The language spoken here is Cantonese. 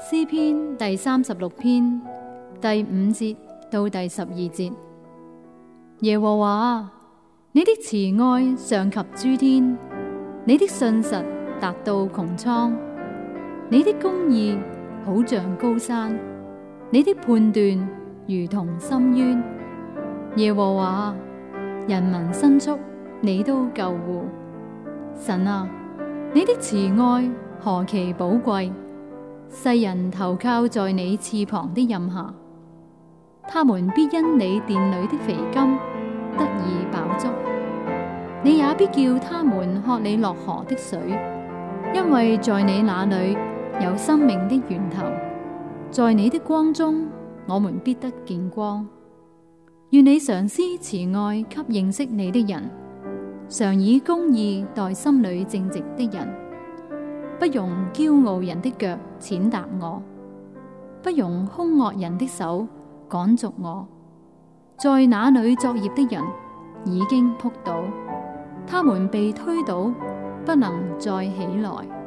詩篇第三十六篇第五節到第十二節，耶和華，你的慈愛上及諸天，你的信實達到穹蒼，你的公義好像高山，你的判斷如同深淵。耶和華，人民牲畜你都救護。神啊，你的慈愛何其寶貴！世人投靠在你翅膀的蔭下，他們必因你殿裏的肥甘得以飽足。你也必叫他們喝你落河的水，因為在你那裏有生命的源頭。在你的光中，我們必得見光。願你常施慈愛給認識你的人，常以公義待心裏正直的人。不容驕傲人的腳踐踏我，不容兇惡人的手趕逐我，在那裏作孽的人已經仆倒，他們被推倒，不能再起來。